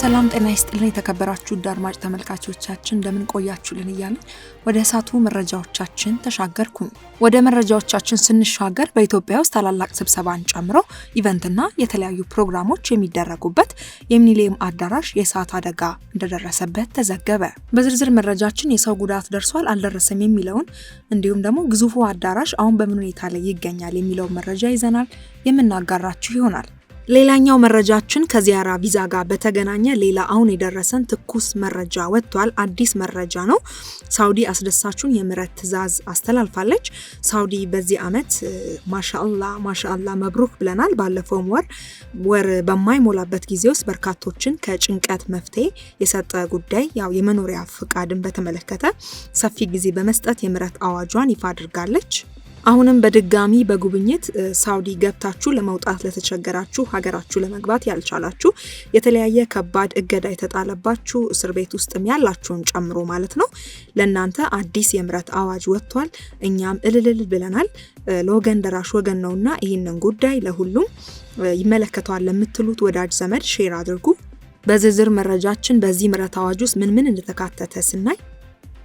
ሰላም ጤና ይስጥልን የተከበራችሁ አድማጭ ተመልካቾቻችን እንደምን ቆያችሁልን እያለን ወደ እሳቱ መረጃዎቻችን ተሻገርኩኝ። ወደ መረጃዎቻችን ስንሻገር በኢትዮጵያ ውስጥ ታላላቅ ስብሰባን ጨምሮ ኢቨንትና የተለያዩ ፕሮግራሞች የሚደረጉበት የሚሊኒየም አዳራሽ የእሳት አደጋ እንደደረሰበት ተዘገበ። በዝርዝር መረጃችን የሰው ጉዳት ደርሷል አልደረሰም የሚለውን እንዲሁም ደግሞ ግዙፉ አዳራሽ አሁን በምን ሁኔታ ላይ ይገኛል የሚለውን መረጃ ይዘናል የምናጋራችሁ ይሆናል። ሌላኛው መረጃችን ከዚያራ ቪዛ ጋር በተገናኘ ሌላ አሁን የደረሰን ትኩስ መረጃ ወጥቷል። አዲስ መረጃ ነው። ሳውዲ አስደሳቹን የምህረት ትዕዛዝ አስተላልፋለች። ሳውዲ በዚህ ዓመት ማሻአላ ማሻአላ መብሩክ ብለናል። ባለፈውም ወር ወር በማይሞላበት ጊዜ ውስጥ በርካቶችን ከጭንቀት መፍትሄ የሰጠ ጉዳይ ያው የመኖሪያ ፍቃድን በተመለከተ ሰፊ ጊዜ በመስጠት የምህረት አዋጇን ይፋ አድርጋለች። አሁንም በድጋሚ በጉብኝት ሳውዲ ገብታችሁ ለመውጣት ለተቸገራችሁ፣ ሀገራችሁ ለመግባት ያልቻላችሁ፣ የተለያየ ከባድ እገዳ የተጣለባችሁ፣ እስር ቤት ውስጥም ያላችሁን ጨምሮ ማለት ነው ለእናንተ አዲስ የምህረት አዋጅ ወጥቷል። እኛም እልልል ብለናል። ለወገን ደራሽ ወገን ነውና ይህንን ጉዳይ ለሁሉም ይመለከተዋል ለምትሉት ወዳጅ ዘመድ ሼር አድርጉ። በዝርዝር መረጃችን በዚህ ምህረት አዋጅ ውስጥ ምን ምን እንደተካተተ ስናይ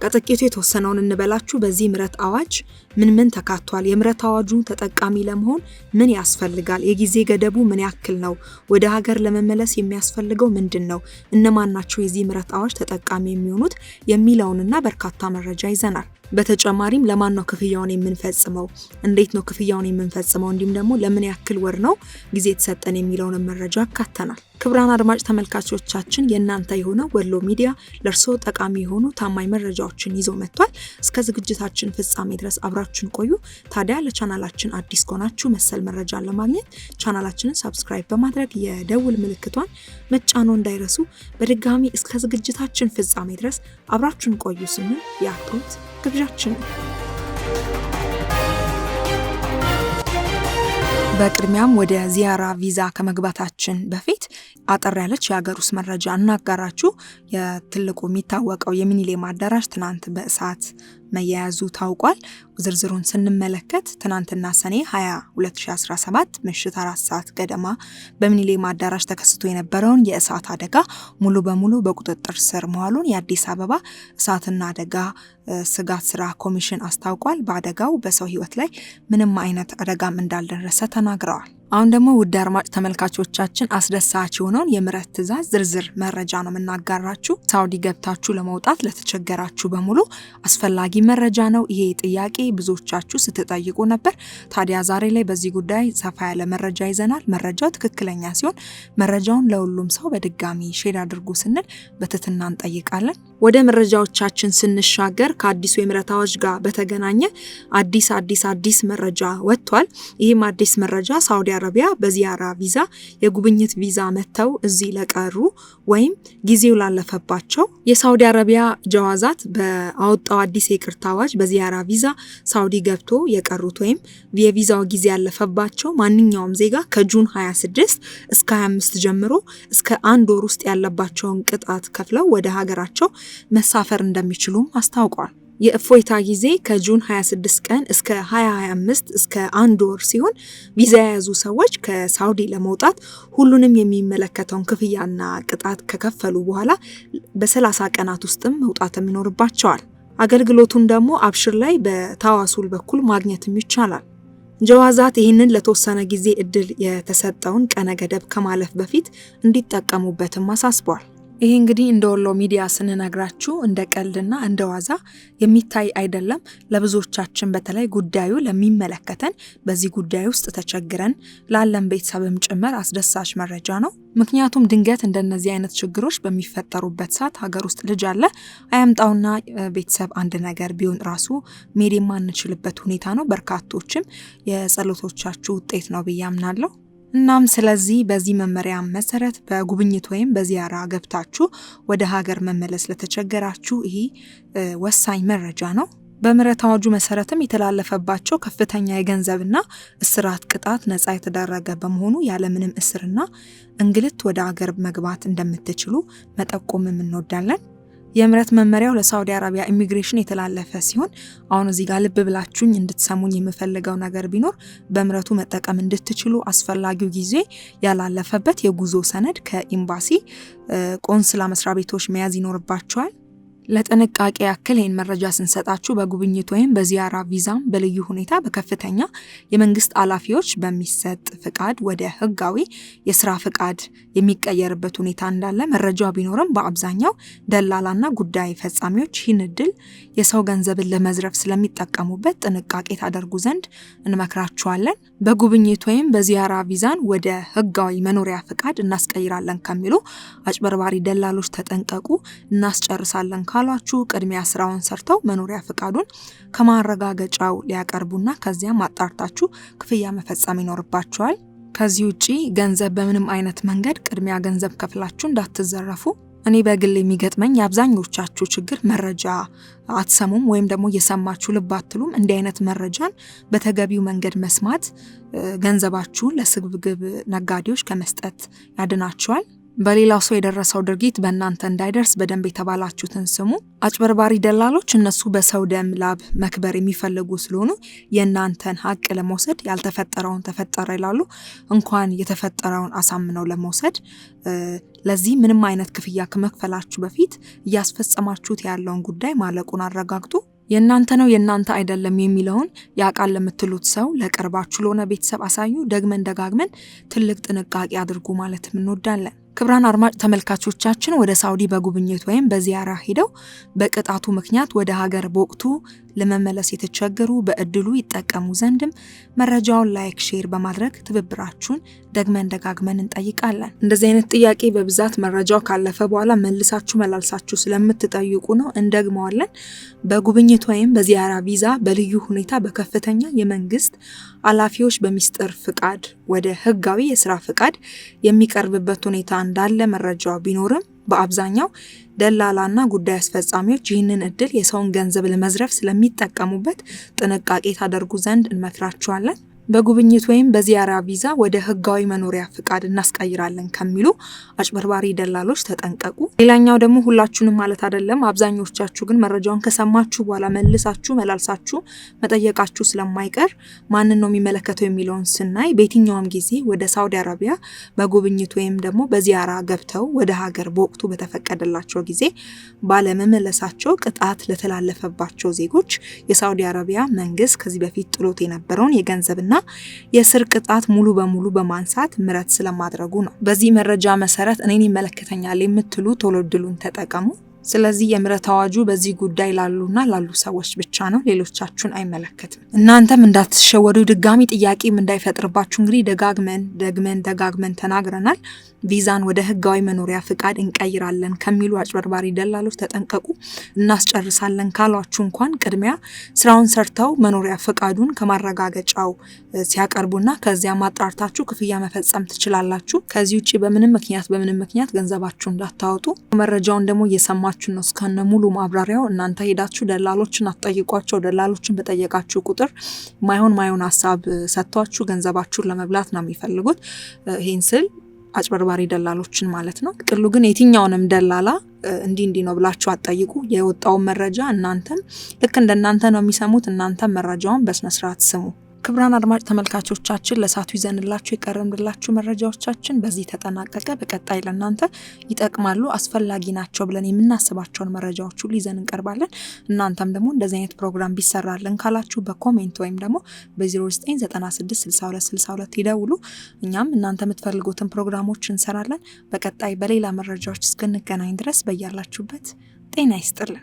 ከጥቂቱ የተወሰነውን እንበላችሁ። በዚህ ምረት አዋጅ ምን ምን ተካቷል? የምረት አዋጁ ተጠቃሚ ለመሆን ምን ያስፈልጋል? የጊዜ ገደቡ ምን ያክል ነው? ወደ ሀገር ለመመለስ የሚያስፈልገው ምንድን ነው? እነማን ናቸው የዚህ ምረት አዋጅ ተጠቃሚ የሚሆኑት የሚለውንና በርካታ መረጃ ይዘናል። በተጨማሪም ለማን ነው ክፍያውን የምንፈጽመው? እንዴት ነው ክፍያውን የምንፈጽመው? እንዲሁም ደግሞ ለምን ያክል ወር ነው ጊዜ የተሰጠን የሚለውንም መረጃ ያካተናል። ክብራን አድማጭ ተመልካቾቻችን የእናንተ የሆነው ወሎ ሚዲያ ለእርስዎ ጠቃሚ የሆኑ ታማኝ መረጃዎችን ይዞ መጥቷል። እስከ ዝግጅታችን ፍጻሜ ድረስ አብራችን ቆዩ። ታዲያ ለቻናላችን አዲስ ከሆናችሁ መሰል መረጃን ለማግኘት ቻናላችንን ሰብስክራይብ በማድረግ የደውል ምልክቷን መጫኖ እንዳይረሱ። በድጋሚ እስከ ዝግጅታችን ፍጻሜ ድረስ አብራችን ቆዩ ስንል የአክብሮት ግብዣችን ነው። በቅድሚያም ወደ ዚያራ ቪዛ ከመግባታችን በፊት አጠር ያለች የሀገር ውስጥ መረጃ እናጋራችሁ። የትልቁ የሚታወቀው የሚኒሌም አዳራሽ ትናንት በእሳት መያያዙ ታውቋል። ዝርዝሩን ስንመለከት ትናንትና ሰኔ 20 2017 ምሽት አራት ሰዓት ገደማ በሚኒሌም አዳራሽ ተከስቶ የነበረውን የእሳት አደጋ ሙሉ በሙሉ በቁጥጥር ስር መዋሉን የአዲስ አበባ እሳትና አደጋ ስጋት ስራ ኮሚሽን አስታውቋል። በአደጋው በሰው ህይወት ላይ ምንም አይነት አደጋም እንዳልደረሰ ተናግረዋል። አሁን ደግሞ ውድ አድማጭ ተመልካቾቻችን አስደሳች የሆነውን የምህረት ትዕዛዝ ዝርዝር መረጃ ነው የምናጋራችሁ። ሳውዲ ገብታችሁ ለመውጣት ለተቸገራችሁ በሙሉ አስፈላጊ መረጃ ነው። ይሄ ጥያቄ ብዙዎቻችሁ ስትጠይቁ ነበር። ታዲያ ዛሬ ላይ በዚህ ጉዳይ ሰፋ ያለ መረጃ ይዘናል። መረጃው ትክክለኛ ሲሆን መረጃውን ለሁሉም ሰው በድጋሚ ሼድ አድርጉ ስንል በትህትና እንጠይቃለን። ወደ መረጃዎቻችን ስንሻገር ከአዲሱ የምህረት አዋጅ ጋር በተገናኘ አዲስ አዲስ አዲስ መረጃ ወጥቷል። ይህም አዲስ መረጃ ሳውዲ አረቢያ በዚያራ ቪዛ፣ የጉብኝት ቪዛ መጥተው እዚህ ለቀሩ ወይም ጊዜው ላለፈባቸው የሳውዲ አረቢያ ጀዋዛት በአወጣው አዲስ የይቅርታ አዋጅ በዚያራ ቪዛ ሳውዲ ገብቶ የቀሩት ወይም የቪዛው ጊዜ ያለፈባቸው ማንኛውም ዜጋ ከጁን 26 እስከ 25 ጀምሮ እስከ አንድ ወር ውስጥ ያለባቸውን ቅጣት ከፍለው ወደ ሀገራቸው መሳፈር እንደሚችሉም አስታውቋል። የእፎይታ ጊዜ ከጁን 26 ቀን እስከ 2025 እስከ አንድ ወር ሲሆን ቪዛ የያዙ ሰዎች ከሳውዲ ለመውጣት ሁሉንም የሚመለከተውን ክፍያና ቅጣት ከከፈሉ በኋላ በ30 ቀናት ውስጥም መውጣትም ይኖርባቸዋል። አገልግሎቱን ደግሞ አብሽር ላይ በታዋሱል በኩል ማግኘትም ይቻላል። ጀዋዛት ይህንን ለተወሰነ ጊዜ እድል የተሰጠውን ቀነ ገደብ ከማለፍ በፊት እንዲጠቀሙበትም አሳስቧል። ይሄ እንግዲህ እንደ ወሎ ሚዲያ ስንነግራችሁ እንደ ቀልድና እንደ ዋዛ የሚታይ አይደለም። ለብዙዎቻችን በተለይ ጉዳዩ ለሚመለከተን በዚህ ጉዳይ ውስጥ ተቸግረን ላለን ቤተሰብም ጭምር አስደሳች መረጃ ነው። ምክንያቱም ድንገት እንደነዚህ አይነት ችግሮች በሚፈጠሩበት ሰዓት ሀገር ውስጥ ልጅ አለ አያምጣውና ቤተሰብ አንድ ነገር ቢሆን ራሱ መሄድ የማንችልበት ሁኔታ ነው። በርካቶችም የጸሎቶቻችሁ ውጤት ነው ብዬ አምናለሁ። እናም ስለዚህ በዚህ መመሪያ መሰረት በጉብኝት ወይም በዚያራ ገብታችሁ ወደ ሀገር መመለስ ለተቸገራችሁ ይህ ወሳኝ መረጃ ነው። በምህረት አዋጁ መሰረትም የተላለፈባቸው ከፍተኛ የገንዘብና እስራት ቅጣት ነጻ የተደረገ በመሆኑ ያለምንም እስርና እንግልት ወደ አገር መግባት እንደምትችሉ መጠቆምም እንወዳለን። የምረት መመሪያው ለሳውዲ አረቢያ ኢሚግሬሽን የተላለፈ ሲሆን አሁን እዚህ ጋር ልብ ብላችሁኝ እንድትሰሙኝ የምፈልገው ነገር ቢኖር በምረቱ መጠቀም እንድትችሉ አስፈላጊው ጊዜ ያላለፈበት የጉዞ ሰነድ ከኤምባሲ ቆንስላ መስሪያ ቤቶች መያዝ ይኖርባቸዋል። ለጥንቃቄ ያክል ይህን መረጃ ስንሰጣችሁ በጉብኝት ወይም በዚያራ ቪዛም በልዩ ሁኔታ በከፍተኛ የመንግስት ኃላፊዎች በሚሰጥ ፍቃድ ወደ ህጋዊ የስራ ፍቃድ የሚቀየርበት ሁኔታ እንዳለ መረጃ ቢኖርም በአብዛኛው ደላላና ጉዳይ ፈጻሚዎች ይህን እድል የሰው ገንዘብን ለመዝረፍ ስለሚጠቀሙበት ጥንቃቄ ታደርጉ ዘንድ እንመክራችኋለን። በጉብኝት ወይም በዚያራ ቪዛን ወደ ህጋዊ መኖሪያ ፍቃድ እናስቀይራለን ከሚሉ አጭበርባሪ ደላሎች ተጠንቀቁ። እናስጨርሳለን ካሏችሁ ቅድሚያ ስራውን ሰርተው መኖሪያ ፈቃዱን ከማረጋገጫው ሊያቀርቡና ከዚያም አጣርታችሁ ክፍያ መፈጸም ይኖርባችኋል። ከዚህ ውጪ ገንዘብ በምንም አይነት መንገድ ቅድሚያ ገንዘብ ከፍላችሁ እንዳትዘረፉ። እኔ በግል የሚገጥመኝ የአብዛኞቻችሁ ችግር መረጃ አትሰሙም ወይም ደግሞ እየሰማችሁ ልብ አትሉም። እንዲህ አይነት መረጃን በተገቢው መንገድ መስማት ገንዘባችሁን ለስግብግብ ነጋዴዎች ከመስጠት ያድናቸዋል። በሌላው ሰው የደረሰው ድርጊት በእናንተ እንዳይደርስ በደንብ የተባላችሁትን ስሙ። አጭበርባሪ ደላሎች እነሱ በሰው ደም ላብ መክበር የሚፈልጉ ስለሆኑ የእናንተን ሀቅ ለመውሰድ ያልተፈጠረውን ተፈጠረ ይላሉ። እንኳን የተፈጠረውን አሳምነው ለመውሰድ ለዚህ ምንም አይነት ክፍያ ከመክፈላችሁ በፊት እያስፈጸማችሁት ያለውን ጉዳይ ማለቁን አረጋግጡ። የእናንተ ነው የእናንተ አይደለም የሚለውን ያውቃል ለምትሉት ሰው፣ ለቅርባችሁ ለሆነ ቤተሰብ አሳዩ። ደግመን ደጋግመን ትልቅ ጥንቃቄ አድርጉ ማለት እንወዳለን። ክብራን አድማጭ ተመልካቾቻችን ወደ ሳውዲ በጉብኝት ወይም በዚያራ ሄደው በቅጣቱ ምክንያት ወደ ሀገር በወቅቱ ለመመለስ የተቸገሩ በእድሉ ይጠቀሙ ዘንድም መረጃውን ላይክ፣ ሼር በማድረግ ትብብራችሁን ደግመን ደጋግመን እንጠይቃለን። እንደዚህ አይነት ጥያቄ በብዛት መረጃው ካለፈ በኋላ መልሳችሁ መላልሳችሁ ስለምትጠይቁ ነው፣ እንደግመዋለን። በጉብኝት ወይም በዚያራ ቪዛ በልዩ ሁኔታ በከፍተኛ የመንግስት ኃላፊዎች በሚስጥር ፍቃድ ወደ ህጋዊ የስራ ፍቃድ የሚቀርብበት ሁኔታ እንዳለ መረጃው ቢኖርም በአብዛኛው ደላላና ጉዳይ አስፈጻሚዎች ይህንን እድል የሰውን ገንዘብ ለመዝረፍ ስለሚጠቀሙበት ጥንቃቄ ታደርጉ ዘንድ እንመክራችኋለን። በጉብኝት ወይም በዚያራ ቪዛ ወደ ህጋዊ መኖሪያ ፍቃድ እናስቀይራለን ከሚሉ አጭበርባሪ ደላሎች ተጠንቀቁ። ሌላኛው ደግሞ ሁላችሁንም ማለት አይደለም፣ አብዛኞቻችሁ ግን መረጃውን ከሰማችሁ በኋላ መልሳችሁ መላልሳችሁ መጠየቃችሁ ስለማይቀር ማንን ነው የሚመለከተው የሚለውን ስናይ በየትኛውም ጊዜ ወደ ሳውዲ አረቢያ በጉብኝት ወይም ደግሞ በዚያራ ገብተው ወደ ሀገር በወቅቱ በተፈቀደላቸው ጊዜ ባለመመለሳቸው ቅጣት ለተላለፈባቸው ዜጎች የሳውዲ አረቢያ መንግስት ከዚህ በፊት ጥሎት የነበረውን የገንዘብና የስር ቅጣት ሙሉ በሙሉ በማንሳት ምረት ስለማድረጉ ነው። በዚህ መረጃ መሰረት እኔን ይመለከተኛል የምትሉ ትውልድሉን ተጠቀሙ። ስለዚህ የምህረት አዋጁ በዚህ ጉዳይ ላሉና ላሉ ሰዎች ብቻ ነው፣ ሌሎቻችሁን አይመለከትም። እናንተም እንዳትሸወዱ ድጋሚ ጥያቄም እንዳይፈጥርባችሁ እንግዲህ ደጋግመን ደግመን ደጋግመን ተናግረናል። ቪዛን ወደ ህጋዊ መኖሪያ ፍቃድ እንቀይራለን ከሚሉ አጭበርባሪ ደላሎች ተጠንቀቁ። እናስጨርሳለን ካሏችሁ እንኳን ቅድሚያ ስራውን ሰርተው መኖሪያ ፍቃዱን ከማረጋገጫው ሲያቀርቡና ከዚያ ማጣርታችሁ ክፍያ መፈጸም ትችላላችሁ። ከዚህ ውጭ በምንም ምክንያት በምንም ምክንያት ገንዘባችሁ እንዳታወጡ መረጃውን ደግሞ እየሰማ እየነገርናችን ነው። እስካነ ሙሉ ማብራሪያው እናንተ ሄዳችሁ ደላሎችን አትጠይቋቸው። ደላሎችን በጠየቃችሁ ቁጥር ማይሆን ማይሆን ሀሳብ ሰጥቷችሁ ገንዘባችሁን ለመብላት ነው የሚፈልጉት። ይህን ስል አጭበርባሪ ደላሎችን ማለት ነው። ቅሉ ግን የትኛውንም ደላላ እንዲህ እንዲህ ነው ብላችሁ አጠይቁ። የወጣውን መረጃ እናንተም ልክ እንደናንተ ነው የሚሰሙት። እናንተም መረጃውን በስነስርዓት ስሙ። ክቡራን አድማጭ ተመልካቾቻችን ለሳቱ ይዘንላችሁ የቀረምላችሁ መረጃዎቻችን በዚህ ተጠናቀቀ። በቀጣይ ለእናንተ ይጠቅማሉ፣ አስፈላጊ ናቸው ብለን የምናስባቸውን መረጃዎች ሁሉ ይዘን እንቀርባለን። እናንተም ደግሞ እንደዚህ አይነት ፕሮግራም ቢሰራልን ካላችሁ በኮሜንት ወይም ደግሞ በ09966262 ይደውሉ። እኛም እናንተ የምትፈልጉትን ፕሮግራሞች እንሰራለን። በቀጣይ በሌላ መረጃዎች እስክንገናኝ ድረስ በያላችሁበት ጤና ይስጥልን።